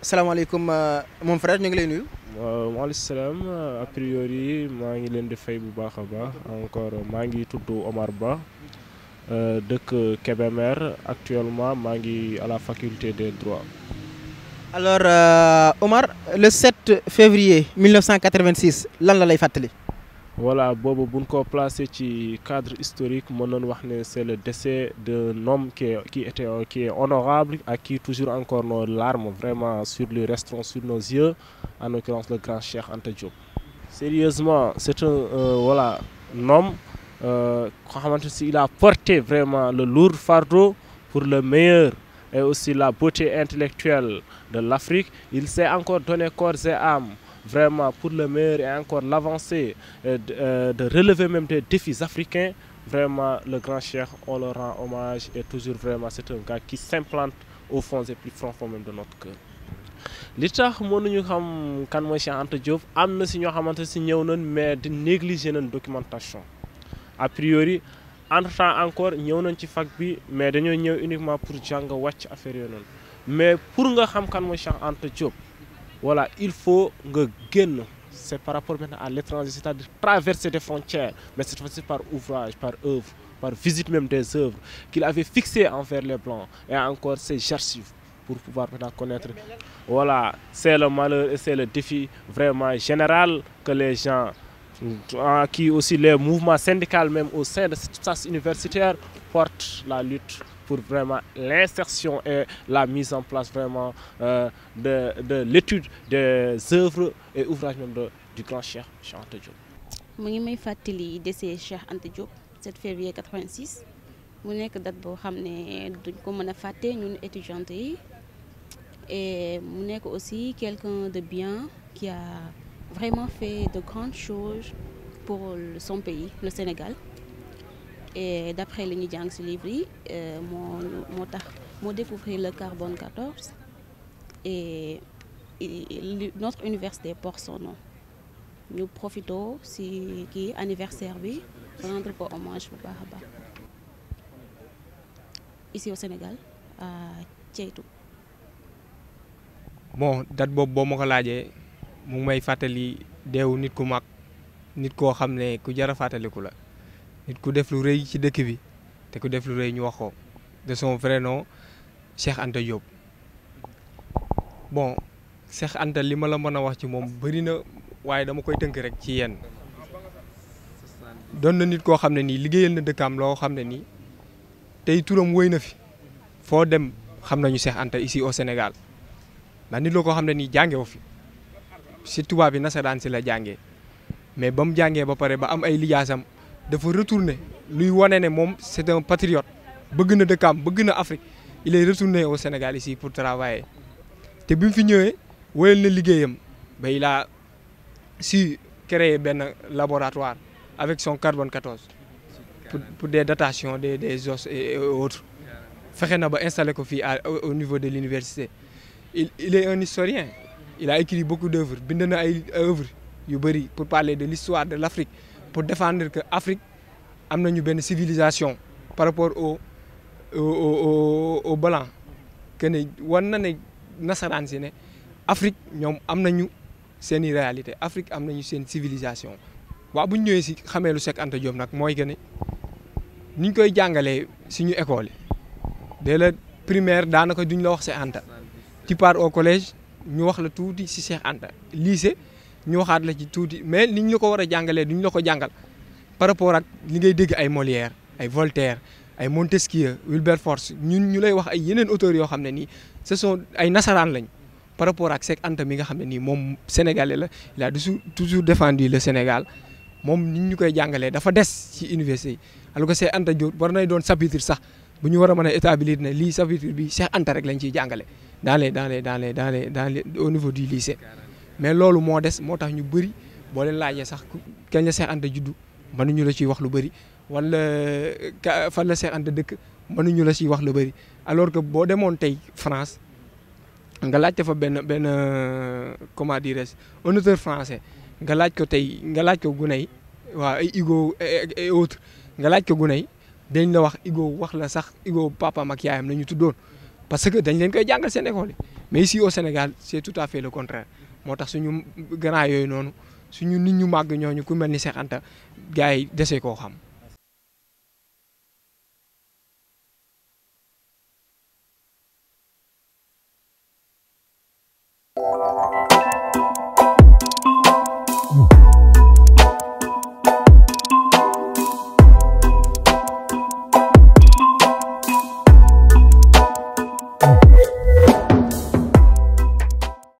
salaamaaleykum euh, mon frère ñu ngi lay nuyu. waaleykum salaam a priori maa ngi leen di fay bu baax a baax encore maa ngi tudd Omar Ba euh, dëkk Kébémer actuellement maa ngi à la faculté des droits. alors euh, Omar le 7 février 1986 lan la lay fàttali. voilà boobu buñ ko placé ci cadre historique mën nañu wax ne c'est le décès d'un homme qui est qui était qui est honorable à qui toujours encore nos larmes vraiment sur le resteront sur nos yeux en l'occurrence le grand Cheikh ante Diop. sérieusement c'est un euh, voilà un homme euh, xamante si il a porté vraiment le lourd fardeau pour le meilleur et aussi la beauté intellectuelle de l'Afrique. Il s'est encore donné corps et âme vraiment pour le meilleur et encore l'avancée euh, de, euh, de relever même des défis africains. Vraiment, le grand chef, on le rend hommage et toujours vraiment, c'est un qui s'implante au fond et plus profond même de notre cœur. li tax mënuñu xam kan mooy Cheikh Anta Diop am na si ñoo xamante si ñëw nañ mais di négliger nañ documentation a priori entre temps encore ñëw nañ ci fac bi mais dañoo ñëw uniquement pour jàng wàcc affaire yooyu noonu mais pour nga xam kan mooy Cheikh Anta Diop voilà il faut nga génn c' par rapport maintenant à l' étranger c' est à dire traverser des frontières mais cette fois par ouvrage par œuvre par visite même des œuvres qu'il avait fixées envers les Blancs et encore ses archives pour pouvoir maintenant connaître. wala c'est le malheur et c'est le défi vraiment général que les qui aussi les mouvements syndicaux même au sein de cette classe universitaire portent la lutte pour vraiment l'insertion e la mise en place vraiment euh, de, de l'étude des œuvres et ouvrages même de, du grand Cheikh Cheikh Anta Diop. mu ngi may fàttali décès Cheikh Anta Diop 7 février 86 mu nekk date boo xam ne duñ ko mën a fàtte ñun étudiantes yi et mu nekk aussi quelqu'un de bien qui a vraiment fait de grandes choses pour son pays le Sénégal et d'après li ñu jàng ci livre yi euh, moo moo tax moo découvrir le carbon 14 et, et notre université porte son nom ñu profito si kii anniversaire bi rendre ko hommage bu baax a baax ici au Sénégal à Ceytu bon date boobu boo ma ko laajee mu may fàttali deewu nit ku mag nit koo xam ne ku jar a fàttaliku la nit ku def lu rëy ci dëkk bi te ku def lu rëy ñu wax ko de son vrai nom Cheikh Anta Diop. bon Cheikh Anta li ma la mën a wax ci moom bëri na waaye dama koy tënk rek ci yenn doon na nit koo xam ne nii liggéeyal na dëkk am loo xam ne nii tey turam wéy na fi foo dem xam nañu Cheikh Anta ici au Sénégal ndax nit loo koo xam ne nii jànge fi. si tubaab yi nasaraan si la jàngee mais ba mu jàngee ba pare ba am ay lijaasam dafa retourné luy wane ne moom c'est un patriote bëgg na dëkkaam bëgg na Afrique il est retourné au Sénégal ici pour travailler te bi mu fi ñëwee wéyal na liggéeyam ba il a créer benn laboratoire avec son carbone 14 pour pour des datations des des et autres fexe na ba installé ko fii au niveau de l'université il il est un historien. il a écrit beaucoup d'œuvres bind na ay œuvres yu bëri pour parler de l'histoire de l'Afrique pour défendre que Afrique am nañu benn civilisation par rapport au au au blanc war na ne nasaraan si ne Afrique ñoom am nañu seen i réalité Afrique am nañu seen civilisation waaw bu ñu ñëwee si xamee lu Seck Anta Diop nag mooy que ni ñu koy jàngalee suñu école yi dès la primaire daanaka duñ la wax si Anta tu par au collège. ñu wax la tuuti si Cheikh Anta lycée ñu waxaat la ci tuuti mais ni ñu la ko war a jàngalee ñu la ko jàngal par rapport ak li ngay dégg ay Molière ay Voltaire ay Montesquieu Wilberforce ñun ñu lay wax ay yeneen auteurs yoo xam ne nii ce sont ay nasaraan lañ par rapport ak Cheikh Anta mi nga xam ne nii moom sénégalais la il a toujours défendu le Sénégal moom nu ñu koy jàngalee dafa des ci université yi alors que Cheikh Anta Diop war nay doon chapitre sax bu ñu war a mën a établir ne lii chapitre bi Cheikh Anta rek lañ ciy jàngale dans les dans les dans les dans les dans les au niveau du lycée mais loolu moo des moo tax ñu bëri boo leen laajee sax kañ la Cheikh Anta juddu mënuñu la ciy wax lu bëri wala fan la Cheikh Anta dëkk mënuñu la ciy wax lu bëri alors que boo demoon tey France nga laajte fa benn benn comment dirais-je un auteur nga laaj ko tey nga laaj ko guney waaw ay Hugo et autres nga laaj ko guney dañ la wax Hugo wax la sax Hugo papaam ak yaayam la ñu tuddoon. parce que dañu leen koy jàngal seen mais ici au Sénégal c' tout à fait le contraire moo tax suñu grand yooyu noonu suñu nit ñu màgg ñooñu ku mel ni Cheikh Anta gars yi dese koo xam.